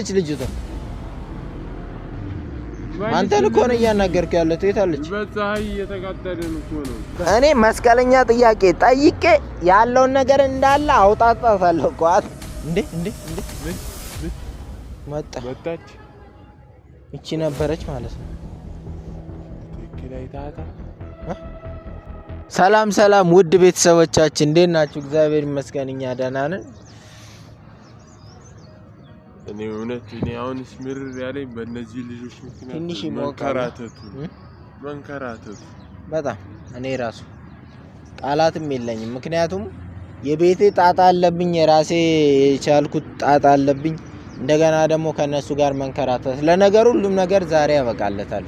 የታለች ልጅቷ? አንተን እኮ ነው እያናገርኩ ያለው። የታለች? እኔ መስቀለኛ ጥያቄ ጠይቄ ያለውን ነገር እንዳለ አውጣጣታለሁ እኮ። እንዴ እንዴ እንዴ መጣ መጣች። እቺ ነበረች ማለት ነው። ሰላም ሰላም፣ ውድ ቤተሰቦቻችን እንዴት ናችሁ? እግዚአብሔር ይመስገን እኛ ደህና ነን። እኔ እውነት እኔ አሁን ስምር ያለኝ በእነዚህ ልጆች ምክንያት መንከራተቱ መንከራተቱ በጣም እኔ ራሱ ቃላትም የለኝም። ምክንያቱም የቤቴ ጣጣ አለብኝ፣ የራሴ የቻልኩት ጣጣ አለብኝ። እንደገና ደግሞ ከእነሱ ጋር መንከራተት። ለነገር ሁሉም ነገር ዛሬ ያበቃለታል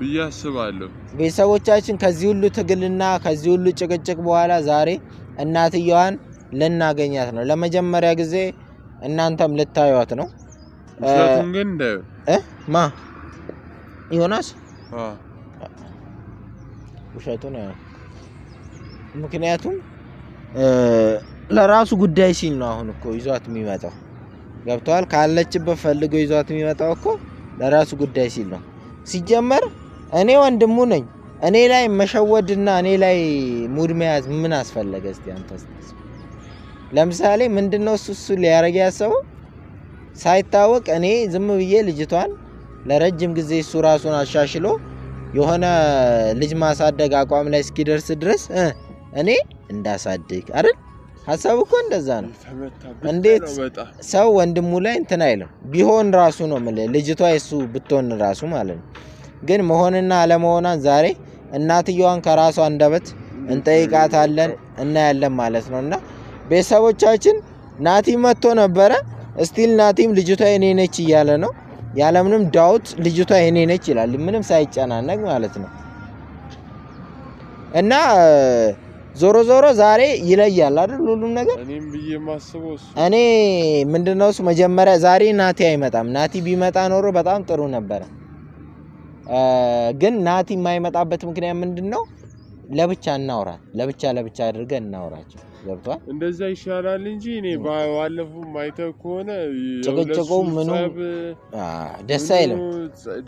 ብዬ አስባለሁ። ቤተሰቦቻችን ከዚህ ሁሉ ትግልና ከዚህ ሁሉ ጭቅጭቅ በኋላ ዛሬ እናትየዋን ልናገኛት ነው ለመጀመሪያ ጊዜ እናንተም ልታዩት ነው። ማ ዮናስ ነው። ምክንያቱም ለራሱ ጉዳይ ሲል ነው። አሁን እኮ ይዟት የሚመጣው ገብተዋል። ካለችበት ፈልገው ይዟት የሚመጣው እኮ ለራሱ ጉዳይ ሲል ነው። ሲጀመር እኔ ወንድሙ ነኝ። እኔ ላይ መሸወድና እኔ ላይ ሙድ መያዝ ምን አስፈለገ? እስቲ አንተ ለምሳሌ ምንድነው እሱ እሱ ሊያደረግ ያሰበው ሳይታወቅ እኔ ዝም ብዬ ልጅቷን ለረጅም ጊዜ እሱ ራሱን አሻሽሎ የሆነ ልጅ ማሳደግ አቋም ላይ እስኪደርስ ድረስ እኔ እንዳሳድግ አይደል? ሀሳቡ እኮ እንደዛ ነው። እንዴት ሰው ወንድሙ ላይ እንትን አይልም። ቢሆን ራሱ ነው የምልህ ልጅቷ የሱ ብትሆን ራሱ ማለት ነው። ግን መሆንና አለመሆኗን ዛሬ እናትየዋን ከራሷ አንደበት እንጠይቃታለን፣ እናያለን ማለት ነው እና ቤተሰቦቻችን ናቲም መጥቶ ነበረ። ስቲል ናቲም ልጅቷ የኔ ነች እያለ ነው። ያለምንም ዳውት ልጅቷ የኔ ነች ይላል፣ ምንም ሳይጨናነቅ ማለት ነው። እና ዞሮ ዞሮ ዛሬ ይለያል አይደል ሁሉም ነገር። እኔ ምንድነው እሱ መጀመሪያ ዛሬ ናቲ አይመጣም። ናቲ ቢመጣ ኖሮ በጣም ጥሩ ነበረ። ግን ናቲ የማይመጣበት ምክንያት ምንድን ነው? ለብቻ እናውራት፣ ለብቻ ለብቻ አድርገን እናውራቸው። ገብቷል። እንደዛ ይሻላል እንጂ እኔ ባለፉ ማይተው ከሆነ ጭቅጭቁ ምኑ ደስ አይልም፣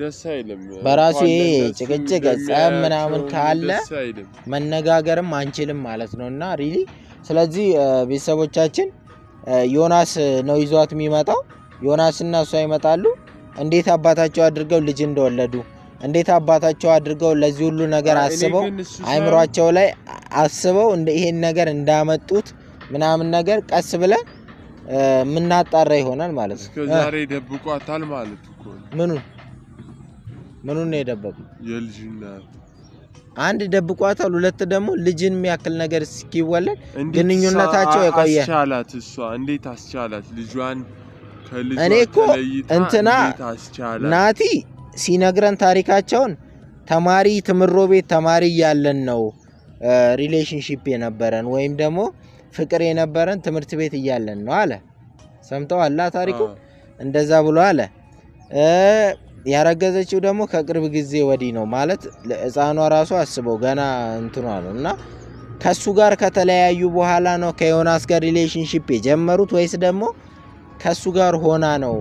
ደስ አይልም። በራሱ ይሄ ጭቅጭቅ ጸብ ምናምን ካለ መነጋገርም አንችልም ማለት ነው እና ሪሊ ስለዚህ ቤተሰቦቻችን ዮናስ ነው ይዟት የሚመጣው። ዮናስና እሷ ይመጣሉ። እንዴት አባታቸው አድርገው ልጅ እንደወለዱ እንዴት አባታቸው አድርገው ለዚህ ሁሉ ነገር አስበው አይምሯቸው ላይ አስበው እንደ ይሄን ነገር እንዳመጡት ምናምን ነገር ቀስ ብለን የምናጣራ ይሆናል ማለት ነው። እስከ ዛሬ ደብቋታል ማለት እኮ ምኑን ምኑን ነው የደበቁት? የልጅነት አንድ ደብቋታል፣ ሁለት ደግሞ ልጅን የሚያክል ነገር እስኪወለድ ግንኙነታቸው የቆየ አስቻላት። እሷ እንዴት አስቻላት? ልጇን ከልጇ ተለይታ እንዴት አስቻላት ናቲ ሲነግረን ታሪካቸውን ተማሪ ትምሮ ቤት ተማሪ እያለን ነው ሪሌሽንሽፕ የነበረን ወይም ደግሞ ፍቅር የነበረን ትምህርት ቤት እያለን ነው አለ። ሰምተው አላ ታሪኩ እንደዛ ብሎ አለ። ያረገዘችው ደግሞ ከቅርብ ጊዜ ወዲህ ነው ማለት ህፃኗ ራሱ አስበው ገና እንትኗ ነው እና ከእሱ ጋር ከተለያዩ በኋላ ነው ከዮናስ ጋር ሪሌሽንሽፕ የጀመሩት ወይስ ደግሞ ከሱ ጋር ሆና ነው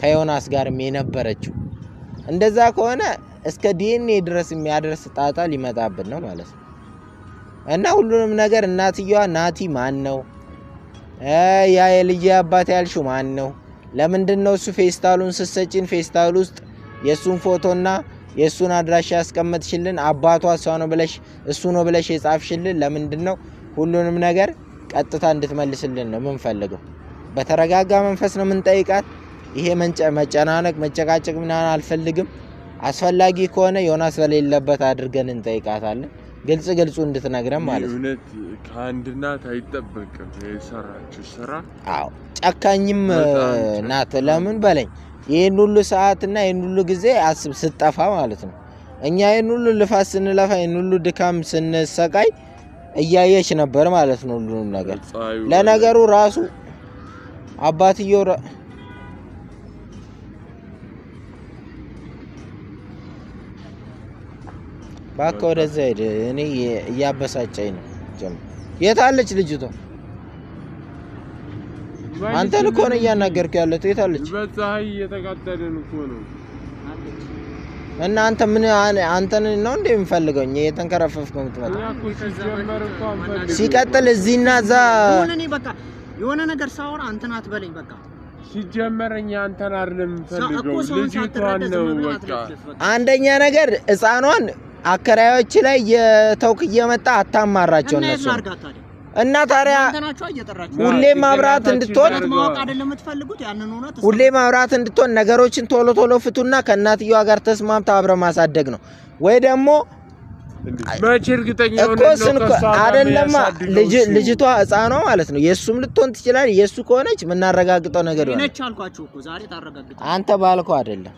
ከዮናስ ጋርም የነበረችው? እንደዛ ከሆነ እስከ ዲኤንኤ ድረስ የሚያደርስ ጣጣ ሊመጣብን ነው ማለት ነው። እና ሁሉንም ነገር እናትየዋ ናቲ ማን ነው? ያ የልጅ አባት ያልሹ ማን ነው? ለምንድን ነው እሱ ፌስታሉን ስሰጭን ፌስታል ውስጥ የእሱን ፎቶና የእሱን አድራሻ ያስቀመጥሽልን? አባቷ እሷ ነው ብለሽ እሱ ነው ብለሽ የጻፍሽልን ለምንድን ነው? ሁሉንም ነገር ቀጥታ እንድትመልስልን ነው የምንፈልገው። በተረጋጋ መንፈስ ነው የምንጠይቃት። ይሄ መጨናነቅ መጨቃጨቅ ምናምን አልፈልግም። አስፈላጊ ከሆነ ዮናስ በሌለበት አድርገን እንጠይቃታለን። ግልጽ ግልጹ እንድትነግረን ማለት ነው። እውነት ከአንድ እናት አይጠበቅም የሰራችው ስራ። አዎ ጨካኝም ናት። ለምን በለኝ ይህን ሁሉ ሰዓትና ይህን ሁሉ ጊዜ አስብ ስጠፋ ማለት ነው። እኛ ይህን ሁሉ ልፋት ስንለፋ ይህን ሁሉ ድካም ስንሰቃይ እያየች ነበር ማለት ነው ሁሉንም ነገር። ለነገሩ ራሱ አባትየው እባክህ ወደዛ ሄድ። እኔ እያበሳጨኝ ነው። ጀም የት አለች ልጅቷ? አንተን እኮ ነው እያናገርኩ ያለሁት። የት አለች? በፀሐይ እየተቃጠልን እኮ ነው። እና አንተ ምን አንተን ነው እንዴ የምፈልገው? እኛ እየተንከረፈፍክ የምትመጣው ሲቀጥል እዚህና እዛ በቃ የሆነ ነገር ሳወራ አንተን አትበለኝ። በቃ ሲጀመር እኛ አንተን አይደለም የምፈልገው ልጅቷን ነው። በቃ አንደኛ ነገር ህፃኗን አከራዮች ላይ የተውክ እየመጣ አታማራቸው እነሱ እና ታዲያ ሁሌ ማብራት እንድትሆን ሁሌ ማብራት እንድትሆን ነገሮችን ቶሎ ቶሎ ፍቱና ከእናትየዋ ጋር ተስማምታ አብረ ማሳደግ ነው ወይ ደግሞ አደለማ ልጅቷ ህፃኗ ማለት ነው። የእሱም ልትሆን ትችላል። የእሱ ከሆነች የምናረጋግጠው ነገር አንተ ባልከው አደለም።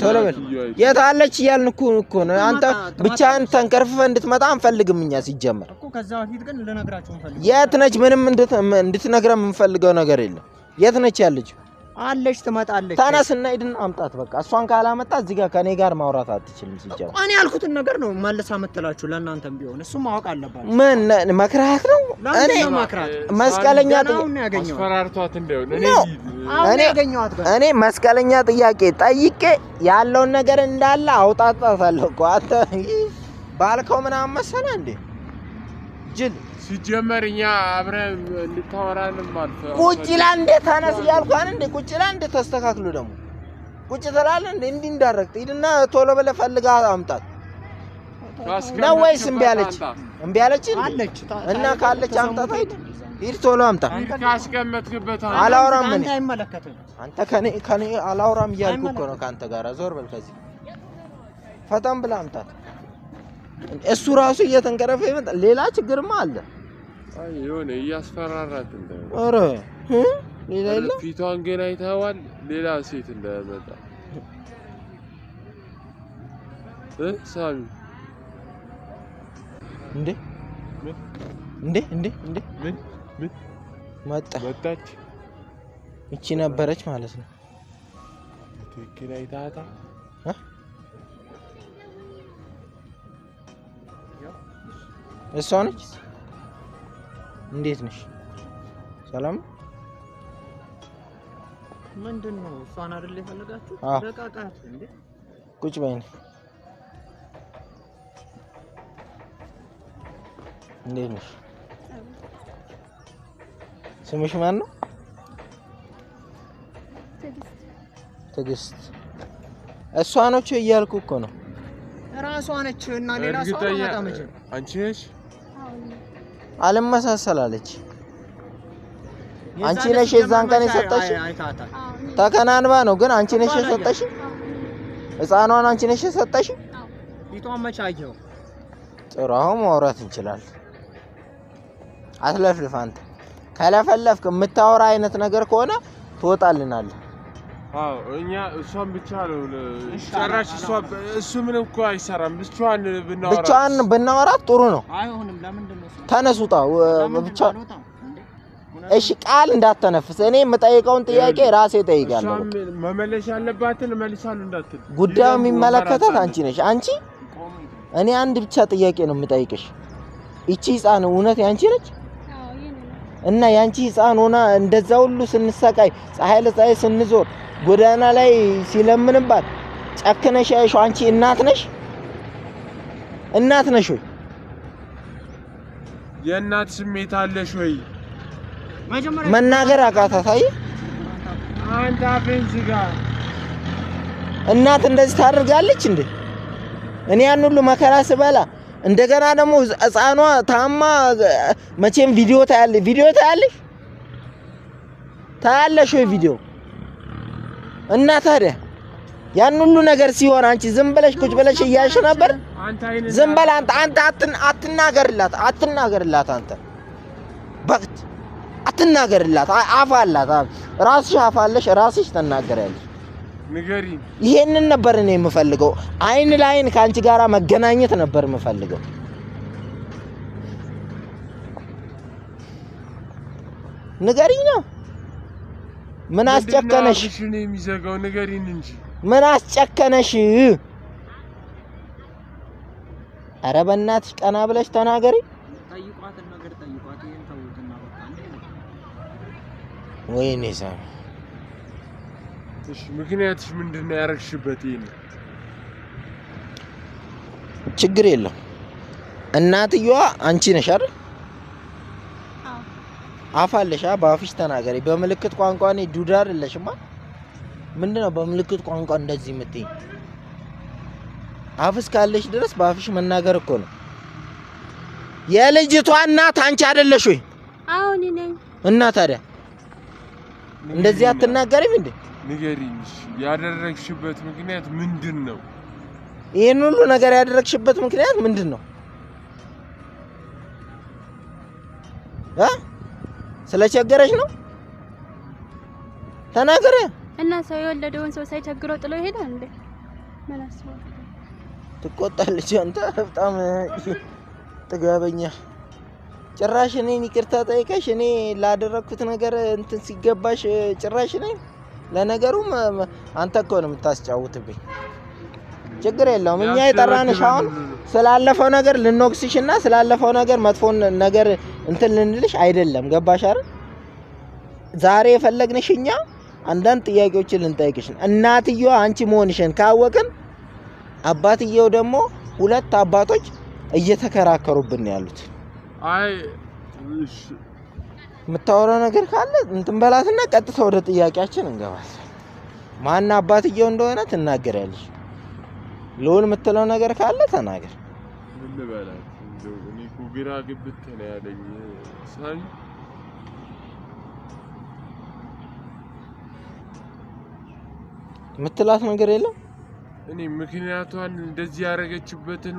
ቶሎ በል የት አለች እያልን እኮ እኮ ነው። አንተ ብቻህን ተንከርፍፈ እንድትመጣ አንፈልግም እኛ ሲጀመር። የት ነች? ምንም እንድትነግረን የምንፈልገው ነገር የለም። የት ነች ያለችው? አለች ትመጣለች። እና ሂድና አምጣት። በቃ እሷን ካላመጣ እዚህ ጋር ከኔ ጋር ማውራት አትችልም። ሲጀምር እኔ ያልኩትን ነገር ነው መልሳ የምትላችሁ ለእናንተም ቢሆን እሱ ማወቅ አለባችሁ። ምን መክራት ነው? እኔ መስቀለኛ እኔ መስቀለኛ ጥያቄ ጠይቄ ያለውን ነገር እንዳለ አውጣጣታለሁ እኮ አንተ ባልከው ምናምን መሰለህ እንዴ ጅል ሲጀመር እኛ አብረን እንድታወራን አልፈ ቁጭ ላ እንደ ታነስ እያልኳን እንደ ቁጭ ላ እንደ ተስተካክሉ ደግሞ ቁጭ ትላለህ እንደ እንዲህ እንዳረግጥ ሂድና ቶሎ ብለህ ፈልጋ አምጣት ነው ወይስ እምቢ አለች? እምቢ አለች እና ካለች አምጣት። ሂድ ሂድ ቶሎ አምጣ። ካስቀመጥክበት አላወራም። እኔ አንተ ከኔ ከኔ አላወራም እያልኩ እኮ ነው ከአንተ ጋር። ዞር በል ከዚህ ፈጠን ብለህ አምጣት። እሱ ራሱ እየተንቀረፈ ይመጣል። ሌላ ችግርማ አለ። የሆነ እያስፈራራት እንደሆነ። ሌላ የለም። ፊቷን ግን አይተኸዋል? ሌላ ሴት እንደመጣ ሳሚ እንዴ እንዴ እንዴ እንዴ ምን ምን መጣ መጣች። እቺ ነበረች ማለት ነው። ትክክል አይታታ እሷ ነች። እንዴት ነሽ? ሰላም። ምንድን ነው? እሷን አይደል የፈለጋችሁ? በቃቃት እንዴ? ቁጭ በይኝ። እንዴት ነሽ? ስምሽ ማን ነው? ትዕግስት። እሷ ነች እያልኩ እኮ ነው። ነች እና ሌላ ሰው አንቺ ነሽ አልመሳሰላለች። አንቺ ነሽ የዛን ቀን የሰጠሽ። ተከናንባ ነው ግን አንቺ ነሽ የሰጠሽ። ህፃኗን አንቺ ነሽ የሰጠሽ። ጥሩ፣ አሁን ማውራት እንችላለን። አትለፍልፍ አንተ። ከለፈለፍክ የምታወራ አይነት ነገር ከሆነ ትወጣልናለህ። እኛ እሷን ብቻ ነው ጨራሽ። እሷ እሱ ምንም እኮ አይሰራም። ብቻዋን ብናወራ ብቻዋን ብናወራት ጥሩ ነው። ብቻ እሺ፣ ቃል እንዳተነፈሰ እኔ የምጠይቀውን ጥያቄ ራሴ እጠይቃለሁ። መመለስ ያለባትን መልሳሉ እንዳትል። ጉዳዩ የሚመለከታት አንቺ ነሽ። አንቺ እኔ አንድ ብቻ ጥያቄ ነው የምጠይቅሽ። ይቺ ህፃን እውነት ያንቺ ነች? እና ያንቺ ህፃን ሆና እንደዛ ሁሉ ስንሰቃይ ፀሐይ ለፀሐይ ስንዞር ጎዳና ላይ ሲለምንባት ጨክነሽ ያይሽው አንቺ እናት ነሽ? እናት ነሽ ወይ? የእናት ስሜት አለሽ ወይ? መናገር አቃታት። አይ አንተ ዝጋ። እናት እንደዚህ ታደርጋለች እንዴ? እኔ ያን ሁሉ መከራ ስበላ እንደገና ደግሞ ህፃኗ ታማ መቼም ቪዲዮ ታያለሽ፣ ቪዲዮ ታያለሽ፣ ታያለሽ ወይ ቪዲዮ እና ታዲያ ያን ሁሉ ነገር ሲሆን አንቺ ዝም ብለሽ ቁጭ ብለሽ እያየሽ ነበር። ዝም በል አንተ አንተ አትናገርላት አትናገርላት አንተ በቅት አትናገርላት። አፋላት ራስሽ አፋለሽ ራስሽ ራስሽ ንገሪ። ይሄንን ነበር እኔ የምፈልገው። አይን ለአይን ከአንቺ ጋራ መገናኘት ነበር የምፈልገው። ንገሪኝ ነው ምን አስጨከነሽ? ምን አስጨከነሽ? ኧረ በእናትሽ ቀና ብለሽ ተናገሪ። ወይኔ ሳሚ፣ እሺ፣ ምክንያትሽ ምንድን ነው ያደረግሽበት? ይሄን ችግር የለም እናትየዋ አንቺ ነሽ አይደል? አፍ አለሽ፣ በአፍሽ ተናገሪ። በምልክት ቋንቋ እኔ ዱዳ አይደለሽማ። ምንድነው በምልክት ቋንቋ እንደዚህ የምትይኝ? አፍስ ካለሽ ድረስ በአፍሽ መናገር እኮ ነው። የልጅቷ እናት አንቺ አይደለሽ ወይ? አዎ እኔ ነኝ። እና ታዲያ እንደዚህ አትናገሪም እንዴ? ንገሪኝ፣ ያደረግሽበት ምክንያት ምንድን ነው? ይህን ሁሉ ነገር ያደረግሽበት ምክንያት ምንድን ነው? ስለቸገረች ነው? ተናገረ እና ሰው የወለደውን ሰው ሳይቸግሮ ጥሎ ይሄዳል እንዴ? ምን ትቆጣለች። አንተ በጣም ጥጋበኛ ጭራሽ እኔን ይቅርታ ጠይቀሽ እኔ ላደረግኩት ነገር እንትን ሲገባሽ ጭራሽ ነኝ። ለነገሩ አንተ እኮ ነው የምታስጫውትብኝ። ችግር የለውም እኛ የጠራንሽ አሁን ስላለፈው ነገር ልንወቅስሽና ስላለፈው ነገር መጥፎን ነገር እንትን ልንልሽ አይደለም። ገባሽ አይደል? ዛሬ የፈለግንሽ እኛ አንዳንድ ጥያቄዎችን ልንጠይቅሽ እናትየዋ አንቺ መሆንሽን ካወቅን፣ አባትየው ደግሞ ሁለት አባቶች እየተከራከሩብን ያሉት። አይ የምታወራው ነገር ካለ እንትን በላትና ቀጥታ ወደ ጥያቄያችን እንገባለን። ማን አባትየው እንደሆነ ትናገሪያለሽ። ልውል የምትለው ነገር ካለ ተናገር። ምን ልበላት? እኔ እኮ ግራ ግብት ነው ያለኝ። ሳይ የምትላት ነገር የለም። እኔ ምክንያቷን እንደዚህ ያደረገችበትን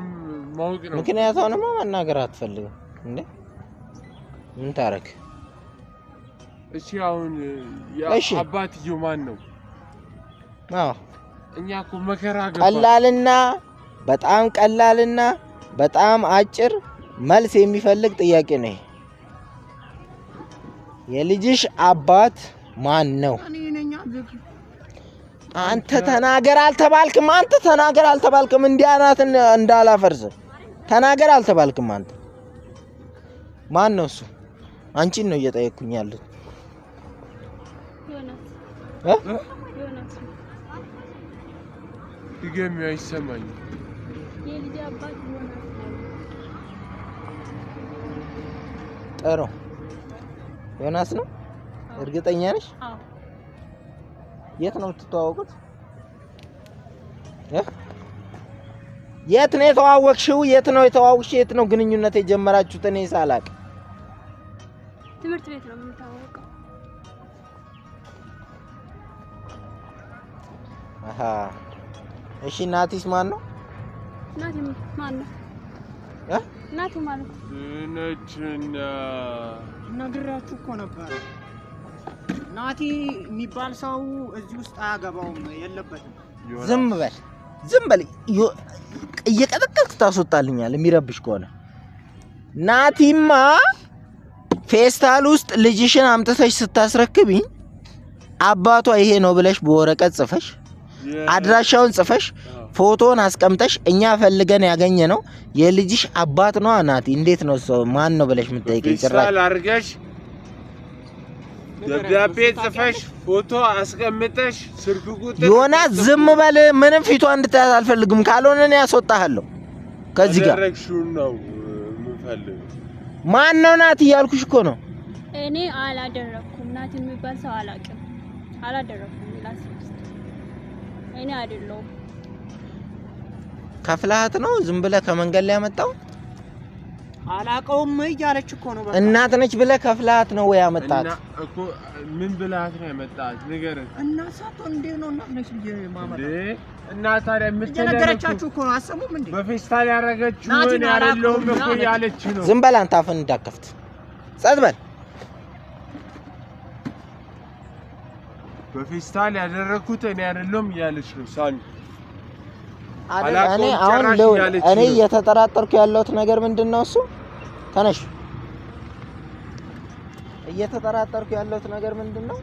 ማወቅ ነው። ምክንያቷንማ መናገር አትፈልግም እንዴ? ምን ታረክ? እሺ አሁን አባትየው ማን ነው? አዎ ቀላልና በጣም ቀላልና በጣም አጭር መልስ የሚፈልግ ጥያቄ ነው። የልጅሽ አባት ማን ነው? አንተ ተናገር አልተባልክም? አንተ ተናገር አልተባልክም? እንዲህ አናትን እንዳላፈርስ ተናገር አልተባልክም? አንተ ማን ነው እሱ? አንቺን ነው እየጠየቅኩኝ ያሉት። ይገሚያ ይሰማኝ ጥሩ ዮናስ ነው። እርግጠኛ ነሽ? የት ነው የምትተዋወቁት? የት ነው የተዋወቅሽው? የት ነው የተዋወቅሽ? የት ነው ግንኙነት የጀመራችሁት? እኔ ሳላቅ ትምህርት ቤት ነው የምንተዋወቀው። አሃ እሺ ናቲስ ማን ነው? ናቲ ማን ነው? እ ናቲ ማለት ነችና ነግራችሁ እኮ ነበር። ናቲ የሚባል ሰው እዚህ ውስጥ አያገባውም፣ የለበትም። ዝም በል ዝም በል፣ እየቀጠቀጥ ታስወጣልኛል። የሚረብሽ ከሆነ ናቲማ ፌስታል ውስጥ ልጅሽን አምጥተሽ ስታስረክቢኝ አባቷ ይሄ ነው ብለሽ በወረቀት ጽፈሽ አድራሻውን ጽፈሽ ፎቶን አስቀምጠሽ እኛ ፈልገን ያገኘ ነው የልጅሽ አባት ነው ናት። እንዴት ነው ሰው ማን ነው ብለሽ የምትጠይቀኝ? ጭራሽ አድርገሽ ደብዳቤ ጽፈሽ ፎቶ አስቀምጠሽ ስልክ ቁጥር ዮናስ፣ ዝም በል። ምንም ፊቷ እንድታያት አልፈልግም። ካልሆነ እኔ ያስወጣሃለሁ ከዚህ ጋር ነው የምፈልገው። ማን ነው ናት እያልኩሽ እኮ ነው። እኔ አላደረኩም። ናት የሚባል ሰው አላውቅም፣ አላደረኩም እኔ አይደለሁም። ከፍልሀት ነው ዝም ብለህ ከመንገድ ላይ ያመጣው አላቀውም እያለች እኮ ነው። እናት ነች ብለህ ከፍልሀት ነው ወይ ያመጣት እኮ ምን ብልሀት ነው ያመጣት? ንገረን እና ሳቶ እንዴ ነው እናት ነች ብዬ ማመጣ እና ታዲያ የምትነገረቻችሁ እኮ ነው። አሰሙም እንዴ በፌስታል ያረገችው ነው ያለውም እኮ ያለች ነው። ዝም በል አንተ አፍህን እንዳከፍት ጸጥ በል በፌስታል ያደረግኩት እኔ አይደለም እያለች ነው ሳሚ። እኔ አሁን ልውል። እኔ እየተጠራጠርኩ ያለሁት ነገር ምንድን ነው? እሱ ተነሽ። እየተጠራጠርኩ ያለሁት ነገር ምንድን ነው?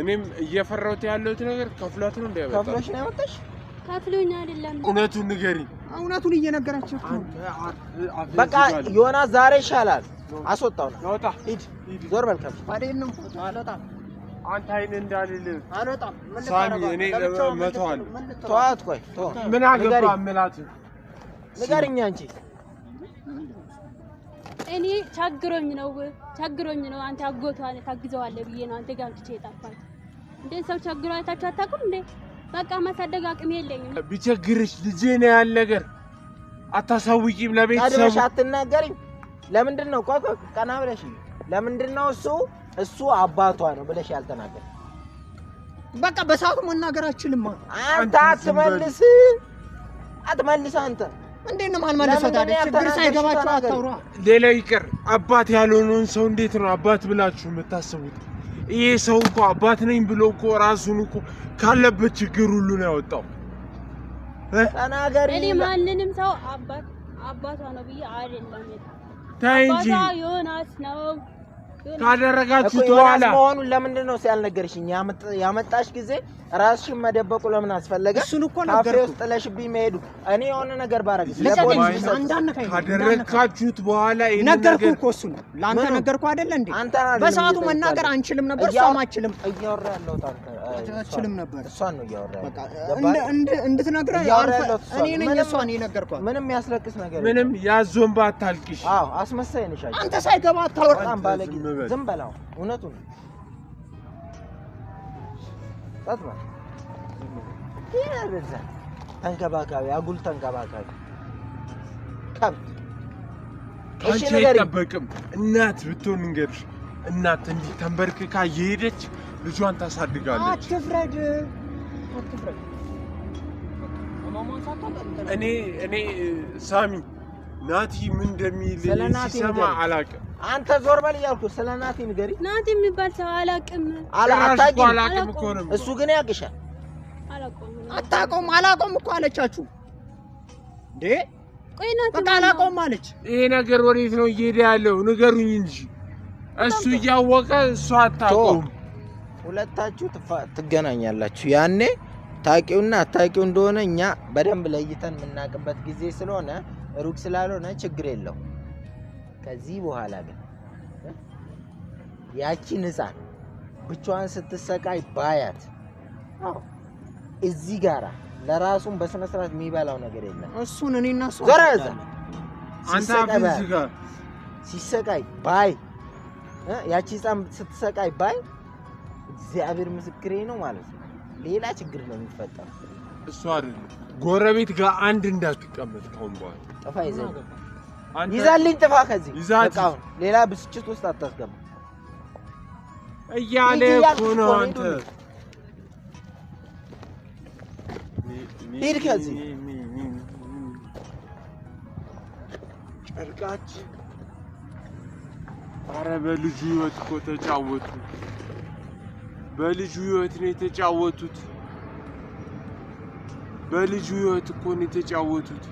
እኔም እየፈራሁት ያለሁት ነገር ከፍሏት ነው እንዲያመጣ ከፍሎሽ ነው ያመጣሽ? ከፍሎኝ አይደለም። እውነቱን ንገሪ። እውነቱን እየነገራችሁ በቃ ዮናስ ዛሬ ይሻላል። አስወጣው ነው። ሂድ ዞር በል ከፍ አንተ አይን እንዳልል ሳሚ እኔ መተዋለሁ። ተዋት። ቆይ ምን አገባ ምላት ንገርኛ። አንቺ እኔ ቸግሮኝ ነው ቸግሮኝ ነው አንተ አጎቷል ታግዘዋለህ ብዬ ነው አንተ ጋር አምጥቼ የጣፋት። እንደ ሰው ቸግሮ አይታችሁ አታውቁም እንዴ? በቃ ማሳደግ አቅም የለኝም። ቢቸግርሽ ልጄ ነው ያለ ነገር አታሳውቂም ለቤተሰቡ አትናገሪም። ለምንድን ነው ቆይ ቆይ፣ ቀና ብለሽ ለምንድን ነው እሱ እሱ አባቷ ነው ብለሽ ያልተናገር በቃ በሰዓቱ መናገር አችልማ። አንተ አትመልስ አትመልስ። አንተ እንዴት ነው ማልመልሰው? ታዲያ ችግር ሳይገባችሁ አታውሯ። ሌላ ይቅር አባት ያልሆነውን ሰው እንዴት ነው አባት ብላችሁ የምታስቡት? ይሄ ሰው እኮ አባት ነኝ ብሎ እኮ ራሱን እኮ ካለበት ችግር ሁሉ ነው ያወጣው። ተናገሪ። እኔ ማንንም ሰው አባት አባቷ ነው ብዬ አይደለም። ተይ እንጂ ዮናስ ነው ካደረጋችሁት በኋላ መሆኑን ለምንድን ነው ሲያልነገርሽኝ? ያመጣሽ ጊዜ ራስሽን መደበቁ ለምን አስፈለገ? እሱን እኮ ካፌ ውስጥ ጥለሽብኝ መሄዱ እኔ የሆነ ነገር ባረግሽ ካደረጋችሁት በኋላ ነገርኩ እኮ እሱን ለአንተ ነገርኩ አይደለ እንዴ? በሰዓቱ መናገር አንችልም ነበር፣ እሷም አችልም አችልም ነበር። እሷን ነው እያወራ እንድትነግረኝ እኔ ነኝ እሷን የነገርኳት። ምንም ያስለቅስ ነገር ምንም ያዞንባ አታልቅሽ። አስመሳይ ነሽ አንተ ሳይገባ አታወራም ባለጊዜ ዝም በላው። እውነቱን ጸጥማ ይረዛ ተንከባካቢ፣ አጉል ተንከባካቢ ቀብት አንቺ አይጠበቅም። እናት ብትሆን እንገርሽ እናት እንዲህ ተንበርክካ እየሄደች ልጇን ታሳድጋለች። አትፍረድ፣ አትፍረድ። እኔ እኔ ሳሚ ናቲ ምን እንደሚል ሲሰማ አላውቅም አንተ ዞር በል እያልኩ ስለ ናቲ ንገሪ። ናቲ የሚባል ሰው አላውቅም። አላውቅም እኮ ነው። እሱ ግን ያውቅሻል። አታውቀውም። አላውቀውም እኮ አለቻችሁ እንዴ? ቆይ ናቲ በቃ አላውቀውም አለች። ይሄ ነገር ወዴት ነው እየሄደ ያለው? ንገሩኝ እንጂ እሱ እያወቀ እሱ አታውቀውም። ሁለታችሁ ትገናኛላችሁ። ያኔ ታቂውና አታቂው እንደሆነ እኛ በደንብ ለይተን የምናውቅበት ጊዜ ስለሆነ ሩቅ ስላልሆነ ችግር የለው። ከዚህ በኋላ ግን ያቺን ህፃን ብቻዋን ስትሰቃይ ባያት እዚህ ጋራ ለራሱን በስነ ስርዓት የሚበላው ነገር የለም። እሱን እኔ እና እሱ ገረዛ ሲሰቃይ ባይ ያቺ ህፃን ስትሰቃይ ባይ እግዚአብሔር ምስክሬ ነው ማለት ነው። ሌላ ችግር ነው የሚፈጠረው። እሱ አይደለም ጎረቤት ጋር አንድ እንዳትቀመጥ ከአሁን በኋላ ጥፋ ይዘህ ይዛልኝ ጥፋ። ከዚህ ሌላ ብስጭት ውስጥ አታስገባ። እያለ እኮ ነው አንተ ሂድ ከዚህ ጨርቃችን። ኧረ በልጁ ህይወት እኮ ተጫወቱ። በልጁ ህይወት ነው የተጫወቱት። በልጁ ህይወት እኮ ነው የተጫወቱት።